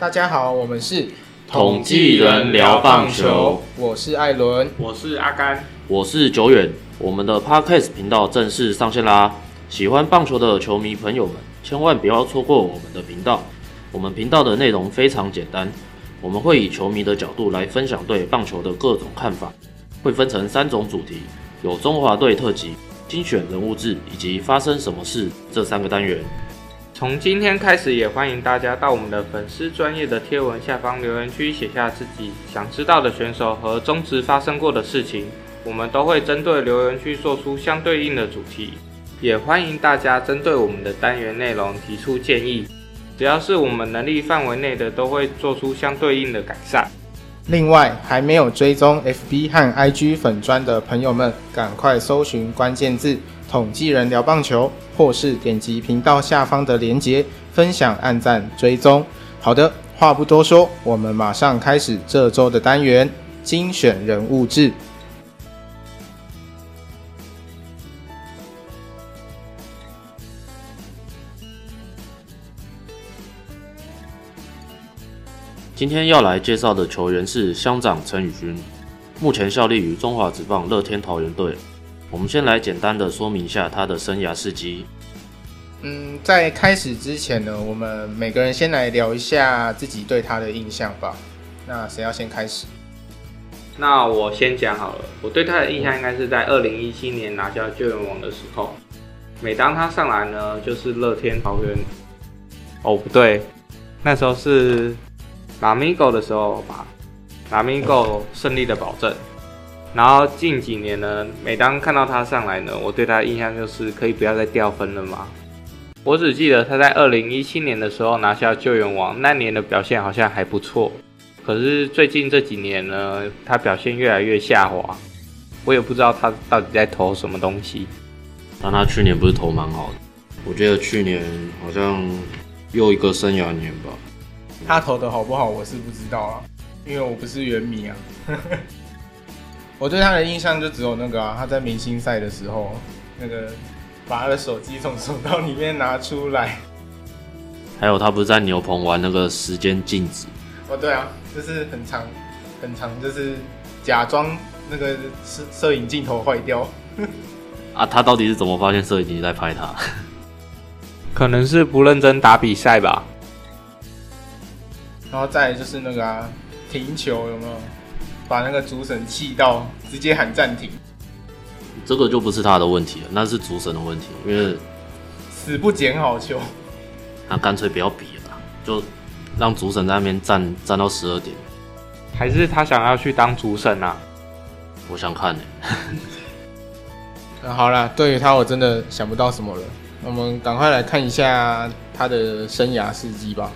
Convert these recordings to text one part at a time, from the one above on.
大家好，我們是統計人聊棒球。我是艾倫，我是阿甘，我是久遠。我們的 Podcast 頻道正式上線啦！喜歡棒球的球迷朋友們，千萬不要錯過我們的頻道。我們頻道的內容非常簡單，我們會以球迷的角度來分享對棒球的各種看法，會分成三種主題：有中華隊特輯、精選人物志以及發生什麼事這三個單元。從今天開始，也歡迎大家到我們的粉絲專頁的貼文下方留言區寫下自己想知道的選手和中職發生過的事情，我們都會針對留言區做出相對應的主題。也歡迎大家針對我們的單元內容提出建議，只要是我們能力範圍內的，都會做出相對應的改善。另外，還沒有追蹤 FB 和 IG 粉專的朋友們，趕快搜尋關鍵字。統計人聊棒球，或是點擊頻道下方的連結分享、按讚、追蹤。好的，話不多說，我們馬上開始這周的單元精選人物誌。今天要來介紹的球員是鄉長陳禹勳，目前效力於中華職棒樂天桃猿隊。我們先來簡單的說明一下他的生涯事迹。嗯，在開始之前呢，我們每個人先來聊一下自己對他的印象吧。那誰要先開始？那我先講好了。我對他的印象應該是在二零一七年拿下救援王的時候。每當他上來呢，就是樂天桃猿。哦，不對，那時候是 Lamigo 的時候吧？Lamigo 勝利的保證。然後近幾年呢，每當看到他上來呢，我對他印象就是可以不要再掉分了嘛。我只記得他在二零一七年的時候拿下救援王，那年的表現好像還不錯。可是最近這幾年呢，他表現越來越下滑，我也不知道他到底在投什麼東西。但他去年不是投蠻好的，我覺得去年好像又一個生涯年吧。他投的好不好，我是不知道啊，因為我不是原迷啊。 我對他的印象就只有那個啊，他在明星賽的時候，那個把他的手機從手套裡面拿出來。還有他不是在牛棚玩那個時間靜止？哦，對啊，就是很長，很長，就是假裝那個攝攝影鏡頭壞掉。 啊，他到底是怎麼發現攝影機在拍他？ 可能是不認真打比賽吧。然後再來就是那個啊，停球有沒有？把那個主審氣到直接喊暫停，這個就不是他的問題了，那是主審的問題，因為死不撿好球，那乾脆不要比了，就讓主審在那邊站站到十二點，還是他想要去當主審啊？我想看呢、欸 啊。好啦，對於他我真的想不到什麼了，我們趕快來看一下他的生涯事蹟吧。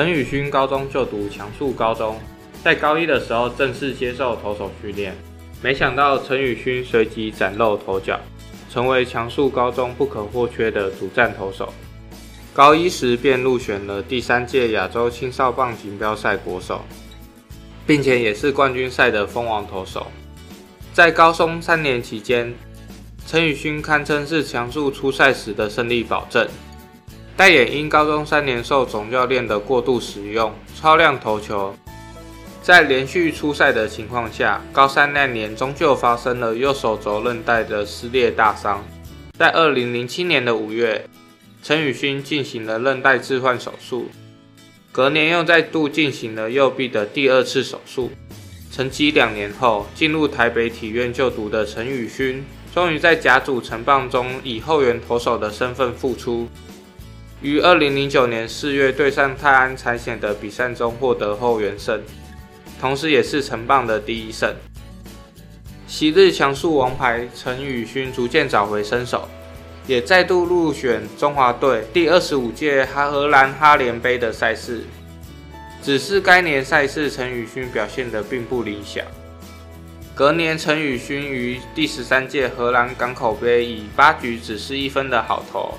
陳禹勳高中就讀強恕高中，在高一的時候正式接受投手訓練，沒想到陳禹勳隨即嶄露頭角，成為強恕高中不可或缺的主戰投手。高一時便入選了第三屆亞洲青少棒錦標賽國手，並且也是冠軍賽的封王投手。在高中三年期間，陳禹勳堪稱是強恕出賽時的勝利保證。但也因高中三年受總教練的過度使用，超量投球，在連續出賽的情況下，高三那年終究發生了右手肘韌帶的撕裂大傷。在二零零七年的五月，陳禹勳進行了韌帶置換手術，隔年又再度進行了右臂的第二次手術。沉寂兩年後，進入台北體院就讀的陳禹勳，終於在甲組成棒中以後援投手的身份復出。於二零零九年四月對上泰安產險的比賽中獲得後援勝，同時也是成棒的第一勝。昔日強速王牌陳禹勳逐漸找回身手，也再度入選中華隊第二十五屆荷蘭哈連杯的賽事。只是該年賽事陳禹勳表現得並不理想。隔年陳禹勳於第十三屆荷蘭港口杯以八局只是一分的好投，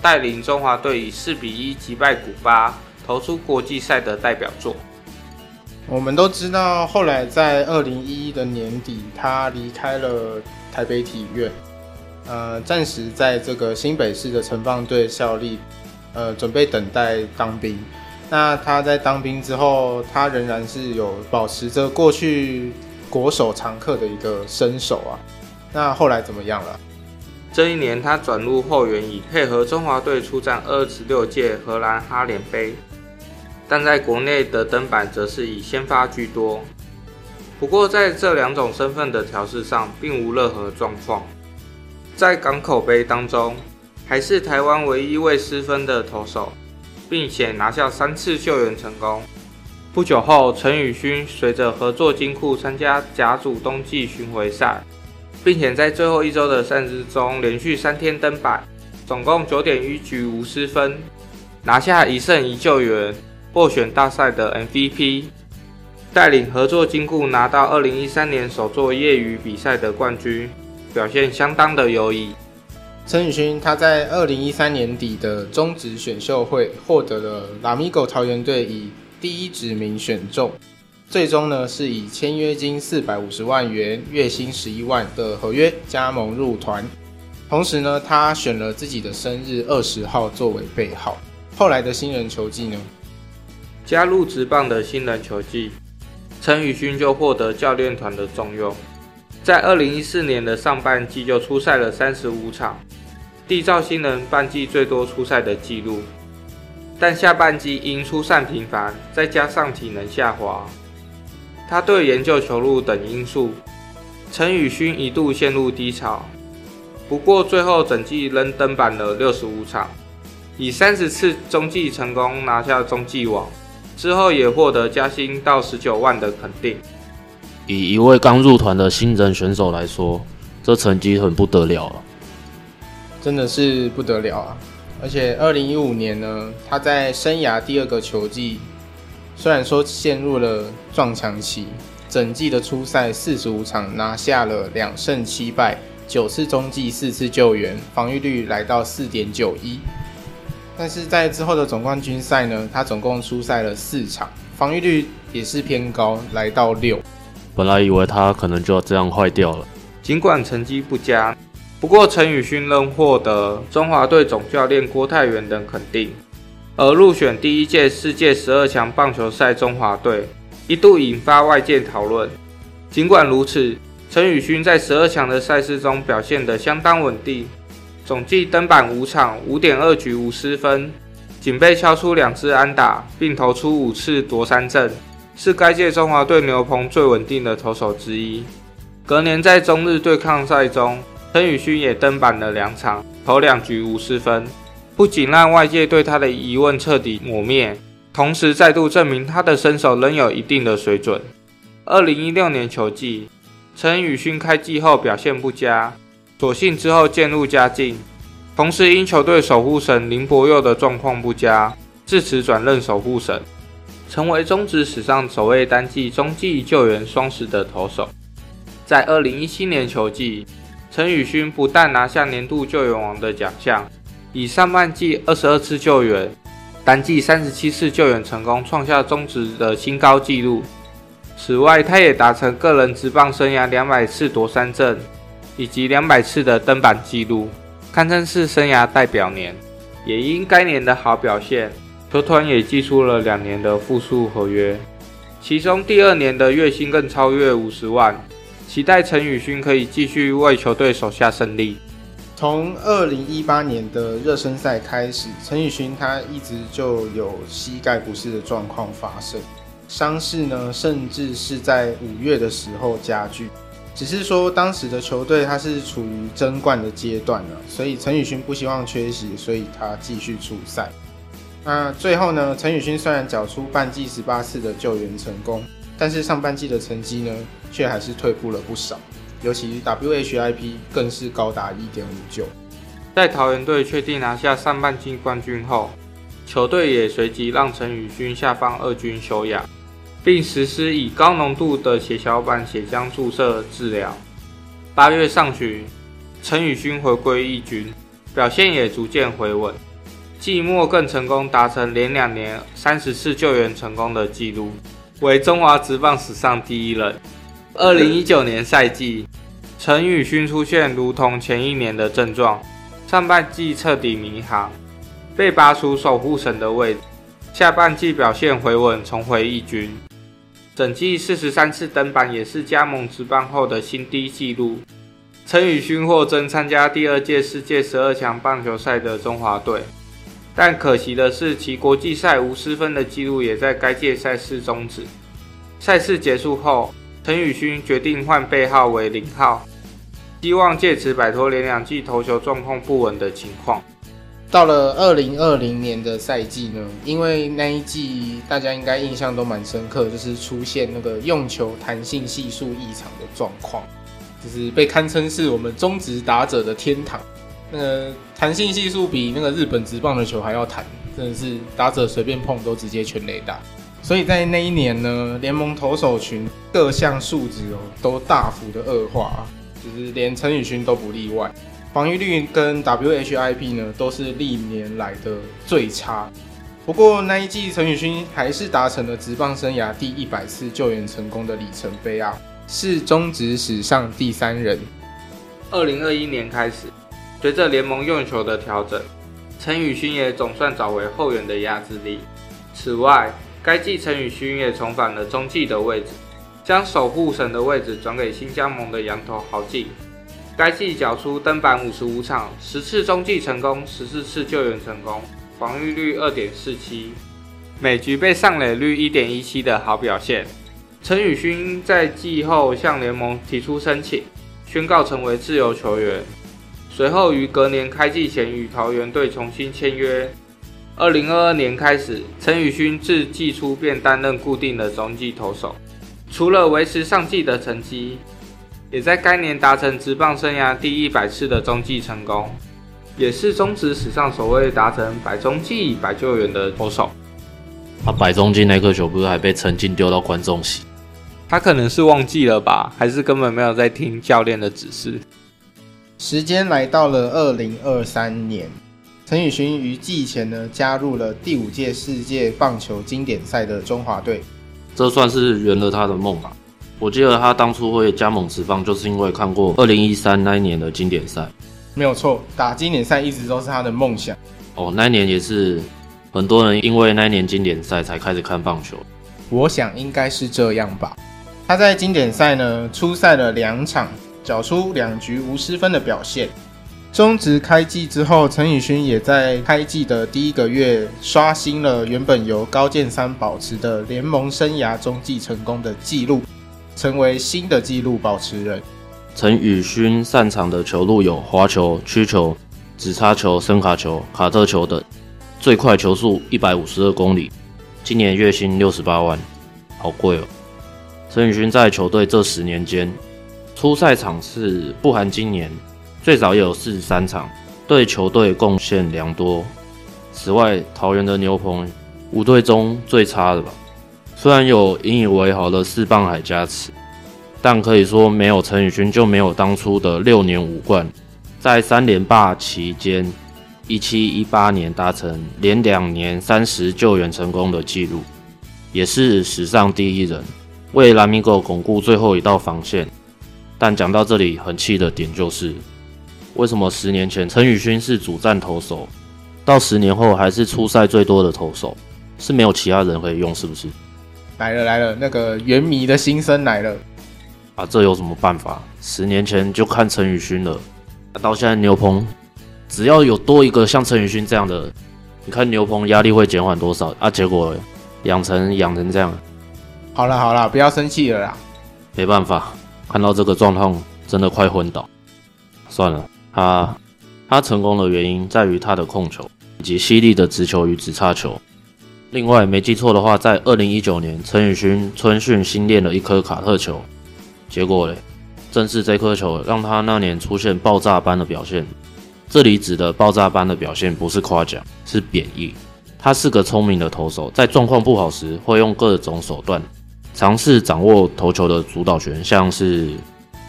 帶領中華隊以四比一擊敗古巴，投出國際賽的代表作。我們都知道，後來在二零一一的年底，他離開了台北體院，呃，暫時在這個新北市的城棒隊效力，呃，準備等待當兵。那他在當兵之後，他仍然是有保持着過去國手常客的一個身手啊。那後來怎麼樣了？這一年，他轉入後援以配合中華隊出戰二十六屆荷蘭哈連杯，但在國內的登板則是以先發居多。不過在這兩種身份的調適上，並無任何狀況。在港口杯當中，還是台灣唯一未失分的投手，並且拿下三次救援成功。不久後，陳禹勳隨着合作金庫參加甲組冬季巡迴賽。並且在最後一周的賽事中連續三天登板，總共九點一局無失分，拿下一勝一救援，獲選大賽的 MVP，帶領合作金庫拿到二零一三年首座業餘比賽的冠軍，表現相當的優異。陳禹勳他在二零一三年底的中職選秀會獲得了拉米狗桃猿隊以第一指名選中。最終呢，是以簽約金四百五十萬元、月薪十一萬的合約加盟入團。同時呢，他選了自己的生日二十號作為背號。後來的新人球季呢，加入職棒的新人球季陳禹勳就獲得教練團的重用，在二零一四年的上半季就出賽了三十五場，締造新人半季最多出賽的紀錄。但下半季因出賽頻繁，再加上體能下滑。他對研究球路等因素，陳禹勳一度陷入低潮，不過最後整季仍登板了六十五場，以三十次中繼成功拿下中繼王，之後也獲得加薪到十九萬的肯定。以一位剛入團的新人選手來說，這成績很不得了啊，真的是不得了啊！而且二零一五年呢，他在生涯第二個球季。雖然說陷入了撞牆期，整季的出賽四十五場拿下了兩勝七敗，九次中繼四次救援，防禦率來到四點九一。但是在之後的總冠軍賽呢，他總共出賽了四場，防禦率也是偏高，來到六。本來以為他可能就要這樣壞掉了，儘管成績不佳，不過陳禹勳仍獲得中華隊總教練郭泰源等肯定。而入選第一屆世界十二強棒球賽中華隊，一度引發外界討論。儘管如此，陳禹勳在十二強的賽事中表現得相當穩定，總計登板五場，五點二局無失分，僅被敲出兩支安打，並投出五次奪三振，是該屆中華隊牛棚最穩定的投手之一。隔年在中日對抗賽中，陳禹勳也登板了兩場，投兩局無失分。不僅讓外界對他的疑問徹底抹滅，同時再度證明他的身手仍有一定的水準。二零一六年球季，陳禹勳開季後表現不佳，所幸之後漸入佳境。同時，因球隊守護神林柏佑的狀況不佳，自此轉任守護神，成為中職史上首位單季中繼救援雙十的投手。在二零一七年球季，陳禹勳不但拿下年度救援王的獎項。以上半季二十二次救援，單季三十七次救援成功，創下中職的新高紀錄。此外，他也達成個人職棒生涯兩百次奪三振，以及兩百次的登板紀錄，堪稱是生涯代表年。也因該年的好表現，球團也祭出了兩年的複數合約，其中第二年的月薪更超越五十萬。期待陳禹勳可以繼續為球隊守下勝利。從二零一八年的熱身賽開始，陳禹勳他一直就有膝蓋不適的狀況發生，傷勢呢甚至是在五月的時候加劇。只是說當時的球隊他是處於爭冠的階段了，啊，所以陳禹勳不希望缺席，所以他繼續出賽。那最後呢，陳禹勳雖然繳出半季十八次的救援成功，但是上半季的成績呢卻還是退步了不少。尤其 WHIP 更是高達一點五九。在桃猿隊確定拿下上半季冠軍後，球隊也隨即讓陳禹勳下放二軍休養，並實施以高濃度的血小板血漿注射治療。八月上旬，陳禹勳回歸一軍，表現也逐漸回穩。季末更成功達成連兩年三十次救援成功的紀錄，為中華職棒史上第一人。二零一九年賽季，陳禹勳出現如同前一年的症狀，上半季徹底迷航，被拔除守護神的位置。下半季表現回穩，重回一軍。整季四十三次登板也是加盟職棒後的新低紀錄。陳禹勳獲徵參加第二屆世界十二強棒球賽的中華隊，但可惜的是，其國際賽無失分的紀錄也在該屆賽事終止。賽事結束後，陳禹勳決定換背號為零號，希望借此擺脫連兩季投球狀況不穩的情況。到了二零二零年的賽季呢，因為那一季大家應該印象都蠻深刻，就是出現那個用球彈性係數異常的狀況，就是被堪稱是我們中職打者的天堂。那個彈性係數比那個日本職棒的球還要彈，真的是打者隨便碰，都直接全壘打。所以在那一年呢，聯盟投手群各項數值哦都大幅的惡化，只是連陳禹勳都不例外，防御率跟 WHIP 呢都是歷年來的最差。不過那一季陳禹勳還是達成了職棒生涯第一百次救援成功的里程碑啊，是中職史上第三人。二零二一年開始隨着聯盟用球的調整，陳禹勳也總算找回後援的壓制力。此外，該季陳禹勳也重返了中繼的位置，將守護神的位置轉給新加盟的洋投豪繼。該季繳出登板五十五場，十次中繼成功，十四次救援成功，防禦率二點四七，每局被上壘率一點一七的好表現。陳禹勳在季後向聯盟提出申請，宣告成為自由球員，隨後於隔年開季前與桃猿隊重新簽約。二零二二年開始，陳禹勳自季初便擔任固定的中繼投手，除了維持上季的成績，也在該年達成職棒生涯第一百次的中繼成功，也是中職史上首位達成百中繼、百救援的投手。他、啊、百中繼那顆球不是還被成晉丟到觀眾席？他可能是忘記了吧，還是根本沒有在聽教練的指示？時間來到了二零二三年。陳禹勳於季前呢，加入了第五屆世界棒球經典賽的中華隊，這算是圓了他的夢吧。我記得他當初會加盟職棒，就是因為看過二零一三那一年的經典賽。沒有錯，打經典賽一直都是他的夢想。哦，那一年也是很多人因為那一年經典賽才開始看棒球。我想應該是這樣吧。他在經典賽呢，出賽了兩場，繳出兩局無失分的表現。中職開季之後，陳宇勳也在開季的第一個月刷新了原本由高健三保持的聯盟生涯中繼成功的紀錄，成為新的紀錄保持人。陳宇勳擅長的球路有滑球、曲球、直叉球、深卡球、卡特球等，最快球速一百五十二公里。今年月薪六十八萬，好貴哦。陳宇勳在球隊這十年間出賽場次不含今年。最少也有四十三場，對球隊貢獻良多。此外，桃園的牛棚五隊中最差的吧。雖然有引以為豪的四棒海加持，但可以說沒有陳禹勳就沒有當初的六年五冠。在三連霸期間，一七一八年達成連兩年三十救援成功的紀錄，也是史上第一人，為拉米狗鞏固最後一道防線。但講到這裡，很氣的點就是。為什麼十年前陳禹勳是主戰投手，到十年後還是出賽最多的投手，是沒有其他人可以用，是不是？來了來了，那個猿迷的心聲來了啊！這有什麼辦法？十年前就看陳禹勳了，到現在牛棚只要有多一個像陳禹勳這樣的，你看牛棚壓力會減緩多少啊？結果養成養成這樣，好了好了，不要生氣了啦！沒辦法，看到這個狀況真的快昏倒，算了。他、啊，他成功的原因在於他的控球以及犀利的直球與指叉球。另外，沒記錯的話，在二零一九年，陳禹勳春訓新練了一顆卡特球。結果嘞，正是這顆球讓他那年出現爆炸般的表現。這裡指的爆炸般的表現不是誇獎，是貶義。他是個聰明的投手，在狀況不好時會用各種手段嘗試掌握投球的主導權，像是。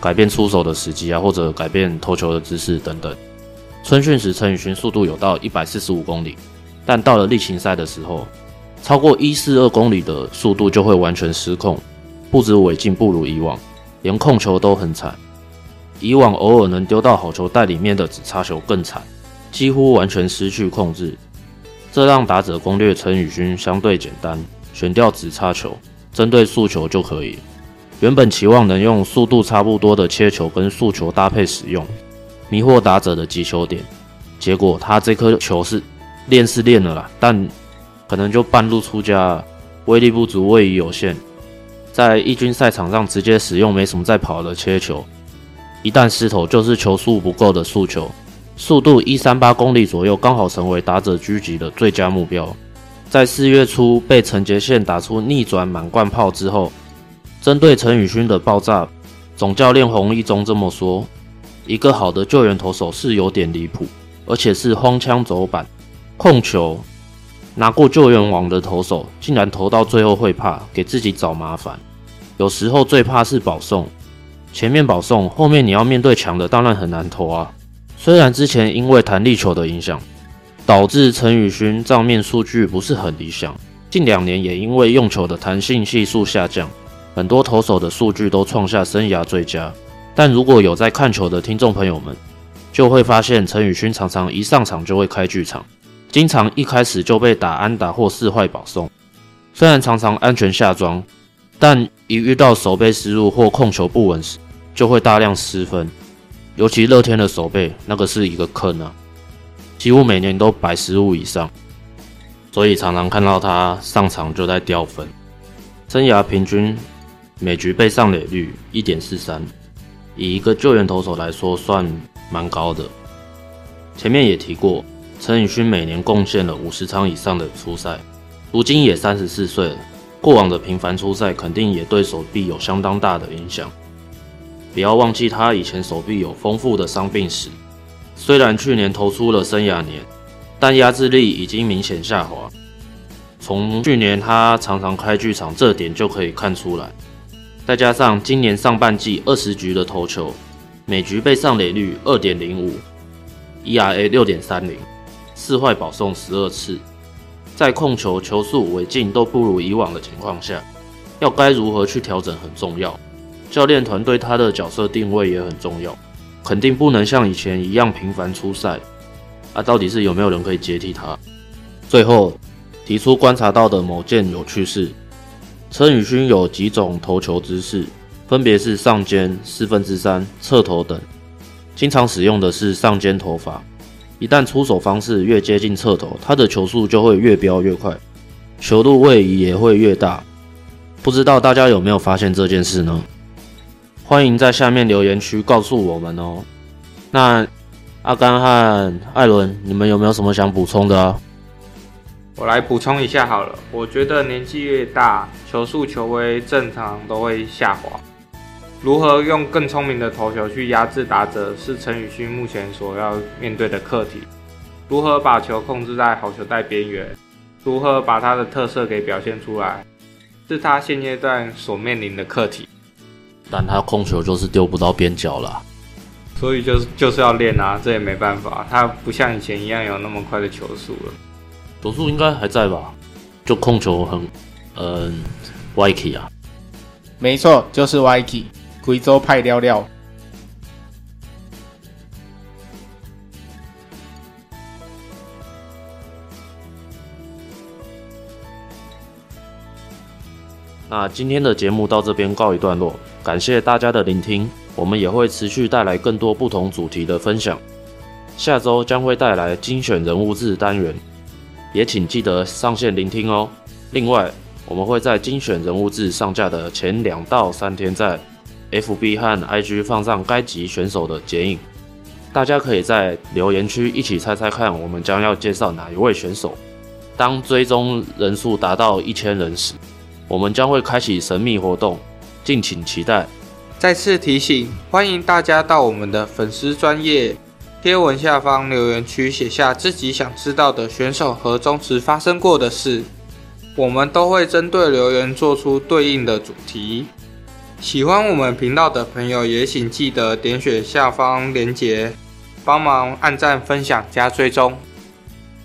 改變出手的時機啊，或者改變投球的姿勢等等。春訓時，陳禹勳速度有到一百四十五公里，但到了例行賽的時候，超過一四二公里的速度就會完全失控。不止尾勁不如以往，連控球都很慘。以往偶爾能丟到好球帶裡面的指叉球更慘，幾乎完全失去控制。這讓打者攻略陳禹勳相對簡單，選掉指叉球，針對速球就可以。原本期望能用速度差不多的切球跟速球搭配使用，迷惑打者的擊球點。結果他這顆球是練是練了啦，但可能就半路出家，威力不足，位移有限，在一軍賽場上直接使用沒什麼在跑的切球。一旦失投，就是球速不夠的速球，速度一三八公里左右，剛好成為打者狙擊的最佳目標。在四月初被陳杰憲打出逆轉滿貫炮之後。針對陳禹勳的爆炸，總教練洪一中這麼說：“一個好的救援投手是有點離譜，而且是荒腔走板、控球拿過救援王的投手，竟然投到最後會怕，給自己找麻煩。有時候最怕是保送，前面保送，後面你要面對強的，當然很難投啊。雖然之前因為彈力球的影響，導致陳禹勳賬面數據不是很理想，近兩年也因為用球的彈性係數下降。”很多投手的數據都創下生涯最佳，但如果有在看球的聽眾朋友們，就會發現陳禹勳常常一上場就會開劇場，經常一開始就被打安打或四壞保送。雖然常常安全下莊，但一遇到守備失誤或控球不穩時，就會大量失分。尤其樂天的守備那個是一個坑啊，幾乎每年都百失誤以上，所以常常看到他上場就在掉分，生涯平均。每局被上壘率一點四三，以一個救援投手來說算蠻高的。前面也提過，陳禹勳每年貢獻了五十場以上的出賽，如今也三十四歲了，過往的頻繁出賽肯定也對手臂有相當大的影響。不要忘記他以前手臂有豐富的傷病史，雖然去年投出了生涯年，但壓制力已經明顯下滑。從去年他常常開劇場這點就可以看出來。再加上今年上半季二十局的投球，每局被上壘率二點零五，ERA 六點三零，四壞保送十二次，在控球、球速、尾勁都不如以往的情況下，要該如何去調整很重要。教練團隊他的角色定位也很重要，肯定不能像以前一樣頻繁出賽。啊，到底是有沒有人可以接替他？最後提出觀察到的某件有趣事。陳宇勳有幾種投球姿勢，分別是上肩、四分之三、側投等。經常使用的是上肩投法。一旦出手方式越接近側投，他的球速就會越飆越快，球路位移也會越大。不知道大家有沒有發現這件事呢？歡迎在下面留言區告訴我們哦。那阿甘和艾倫，你們有沒有什麼想補充的啊？我來補充一下好了，我覺得年紀越大，球速、球威正常都會下滑。如何用更聰明的投球去壓制打者，是陳禹勳目前所要面對的課題。如何把球控制在好球帶邊緣，如何把他的特色給表現出來，是他現階段所面臨的課題。但他控球就是丟不到邊角了，所以就是就是要練啊，這也沒辦法，他不像以前一樣有那麼快的球速了。手術應該還在吧？就控球很，嗯，y i k i 啊，沒錯，就是 y i k i，貴州派料料。那今天的節目到這邊告一段落，感謝大家的聆聽。我們也會持續帶來更多不同主題的分享，下周將會帶來精選人物志單元。也請記得上線聆聽哦。另外，我們會在精選人物誌上架的前兩到三天，在 FB 和 IG 放上該集選手的剪影，大家可以在留言區一起猜猜看，我們將要介紹哪一位選手。當追蹤人數達到一千人時，我們將會開啟神秘活動，敬請期待。再次提醒，歡迎大家到我們的粉絲專頁。貼文下方留言區寫下自己想知道的選手和中職發生過的事，我們都會針對留言做出對應的主題。喜歡我們頻道的朋友也請記得點選下方鏈接，幫忙按讚、分享、加追蹤。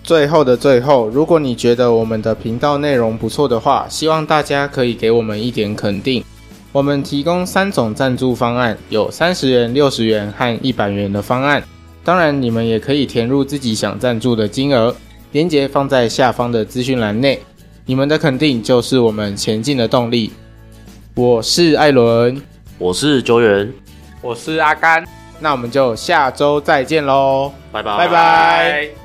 最後的最後，如果你覺得我們的頻道內容不錯的話，希望大家可以給我們一點肯定。我們提供三種贊助方案，有三十元、六十元和一百元的方案。當然，你們也可以填入自己想贊助的金額，連結放在下方的資訊欄內。你們的肯定就是我們前進的動力。我是艾倫，我是周元，我是阿甘。那我們就下周再見嘍，拜拜，拜拜，拜拜。